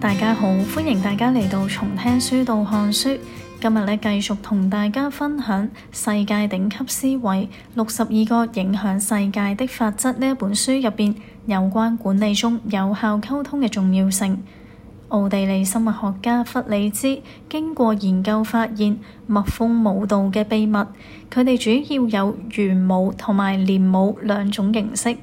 大家好，歡迎大家嚟到從聽書到看書。今日呢繼續同大家分享《世界頂級思維：六十二個影響世界的法則》呢一本書入邊有關管理中有效溝通嘅重要性。奧地利生物學家弗里茲經過研究發現，蜜蜂舞蹈嘅秘密，佢哋主要有圓舞同埋連舞兩種形式。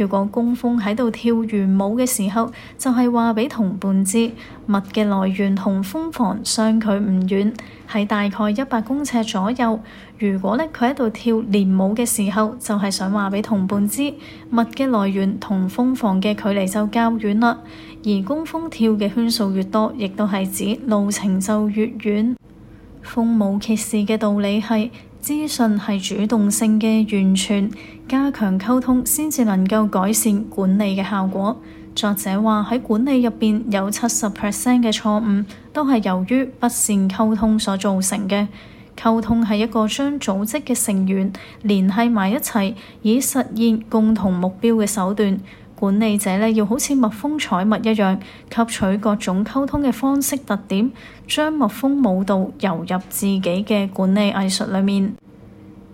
如果工蜂喺度跳圓舞嘅時候，就係話畀同伴知蜜嘅來源同蜂房相距唔遠，係大概一百公尺左右。如果呢，佢喺度跳連舞嘅時候，就係想話畀同伴知蜜嘅來源同蜂房嘅距離就較遠啦。而工蜂跳嘅圈數越多，亦都係指路程就越遠。蜂舞揭示嘅道理係，資訊係主動性嘅源泉，加強溝通先至能夠改善管理嘅效果。作者話喺管理入邊有七十 percent 嘅錯誤都係由於不善溝通所造成嘅。溝通係一個將組織嘅成員聯繫埋一齊，以實現共同目標嘅手段。管理者呢要好似蜜蜂採蜜一樣，吸取各種溝通嘅方式特點，將蜜蜂舞蹈融入自己嘅管理藝術裏面。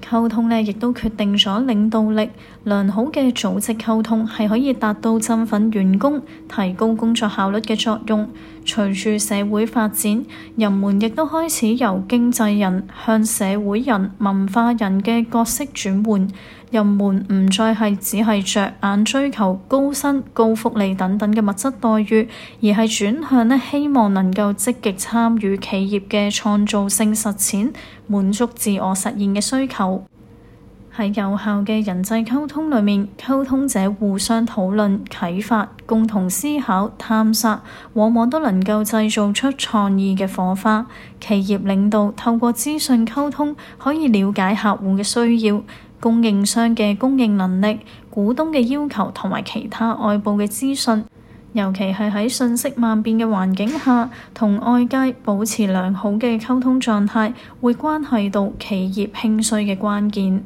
溝通呢亦都決定咗領導力，良好嘅組織溝通係可以達到振奮員工、提高工作效率嘅作用。隨住社會發展，人們亦都開始由經濟人向社會人、文化人嘅角色轉換。人們唔再係只係着眼追求高薪、高福利等等嘅物質待遇，而係轉向呢，希望能夠積極參與企業嘅創造性實踐，滿足自我實現嘅需求。喺有效嘅人際溝通裏面，溝通者互相討論、啟發、共同思考、探索往往都能夠製造出創意嘅火花。企業領導透過資訊溝通，可以了解客戶嘅需要、供應商嘅供應能力、股東嘅要求同埋其他外部嘅資訊。尤其係喺信息萬變嘅環境下，同外界保持良好嘅溝通狀態，會關係到企業興衰嘅關鍵。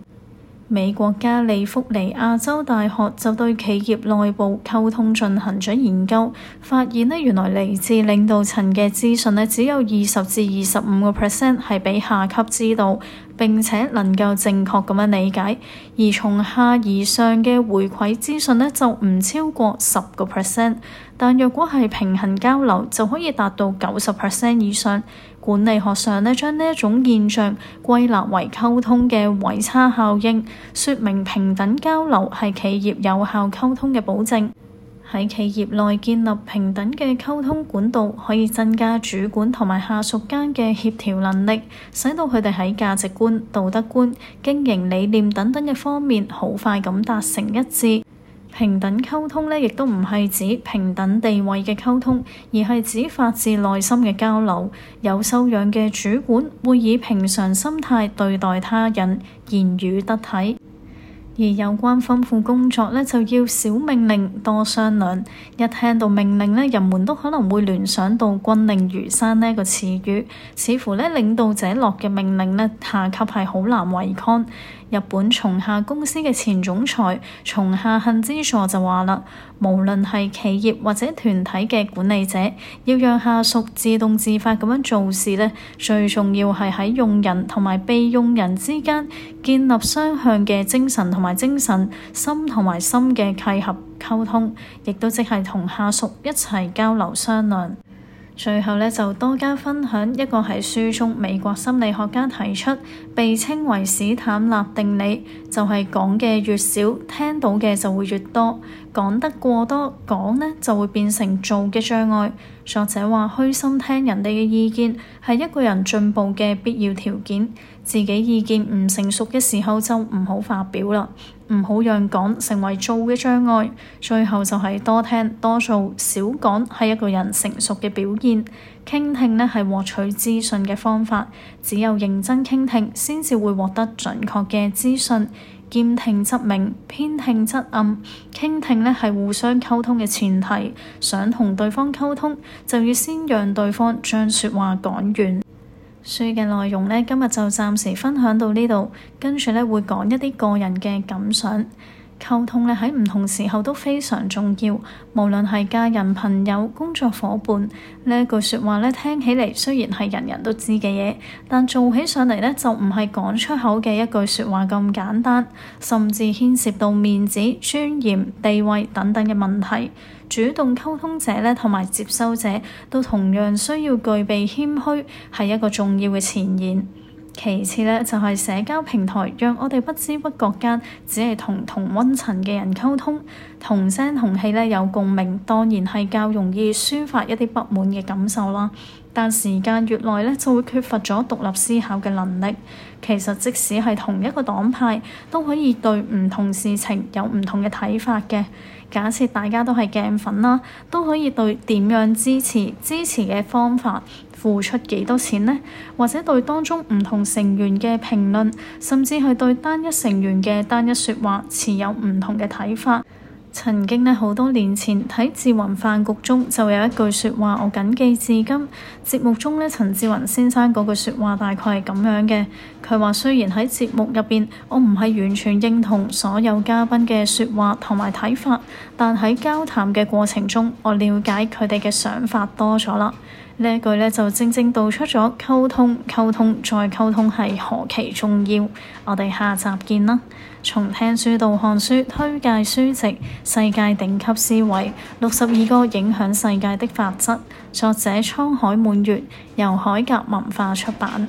美國加利福尼亞州大學就對企業內部溝通進行咗研究，發現咧，原來嚟自領導層嘅資訊咧，只有二十至二十五個 percent 係俾下級知道。並且能夠正確咁樣理解，而從下而上嘅回饋資訊呢，就唔超過十個 percent，但若果係平行交流就可以達到九十 percent 以上。管理學上呢，將呢一種現象歸納為溝通嘅位差效應，說明平等交流係企業有效溝通嘅保證。喺企業內建立平等嘅溝通管道，可以增加主管同埋下屬間嘅協調能力，使到佢哋喺價值觀、道德觀、經營理念等等嘅方面好快咁達成一致。平等溝通呢，亦都唔係指平等地位嘅溝通，而係指發自內心嘅交流。有修養嘅主管會以平常心態對待他人，言語得體。而有關吩咐工作呢，就要少命令多商量。一聽到命令呢，人們都可能會聯想到“軍令如山”呢個詞語，似乎呢領導者落嘅命令呢，下級係好難違抗。日本松下公司嘅前總裁松下幸之助就話啦，無論係企業或者團體嘅管理者，要讓下屬自動自發咁樣做事咧，最重要係喺用人同埋被用人之間建立雙向嘅精神同埋精神心同埋心嘅契合溝通，亦都即係同下屬一齊交流商量。最後呢，就多加分享一個係書中美國心理學家提出，被稱為史坦納定理，就係、是、講嘅越少，聽到嘅就會越多，講得過多講呢就會變成做嘅障礙。作者話：虛心聽人哋嘅意見係一個人進步嘅必要條件，自己意見唔成熟嘅時候就唔好發表啦。唔好讓講成為做嘅障礙，最後就係多聽多做少講係一個人成熟嘅表現。傾聽呢係獲取資訊嘅方法，只有認真傾聽先至會獲得準確嘅資訊。兼聽則明，偏聽則暗。傾聽呢係互相溝通嘅前提，想同對方溝通就要先讓對方將説話講完。書嘅內容呢，今日就暫時分享到呢度，跟住呢，會講一啲個人嘅感想。溝通呢，喺唔同時候都非常重要，無論係家人、朋友、工作夥伴。呢一句説話呢，聽起嚟雖然係人人都知嘅嘢，但做起上嚟呢，就唔係講出口嘅一句説話咁簡單，甚至牽涉到面子、尊嚴、地位等等嘅問題。主動溝通者呢，同埋接收者都同樣需要具備謙虛，係一個重要嘅前言。其次呢，就係社交平台，讓我哋不知不覺間，只係同同溫層嘅人溝通，同聲同氣呢有共鳴，當然係較容易抒發一啲不滿嘅感受啦。但時間越耐呢，就會缺乏咗獨立思考嘅能力。其實即使係同一個黨派，都可以對唔同事情有唔同嘅睇法嘅。假設大家都係鏡粉啦，都可以對點樣支持支持嘅方法。付出幾多錢呢？或者對當中唔同成員嘅評論，甚至係對單一成員嘅單一說話，持有唔同嘅睇法。曾經咧好多年前睇《志雲飯局》中就有一句説話，我謹記至今。節目中咧，陳志雲先生嗰句説話大概係咁樣嘅，佢話：雖然喺節目入邊，我唔係完全認同所有嘉賓嘅説話同埋睇法，但喺交談嘅過程中，我了解佢哋嘅想法多咗啦。呢一句呢就正正道出咗溝通溝通再溝通係何其重要。我哋下集見啦！從聽書到看書，推介書籍《世界頂級思維》六十二個影響世界的法則，作者滄海滿月，由海格文化出版。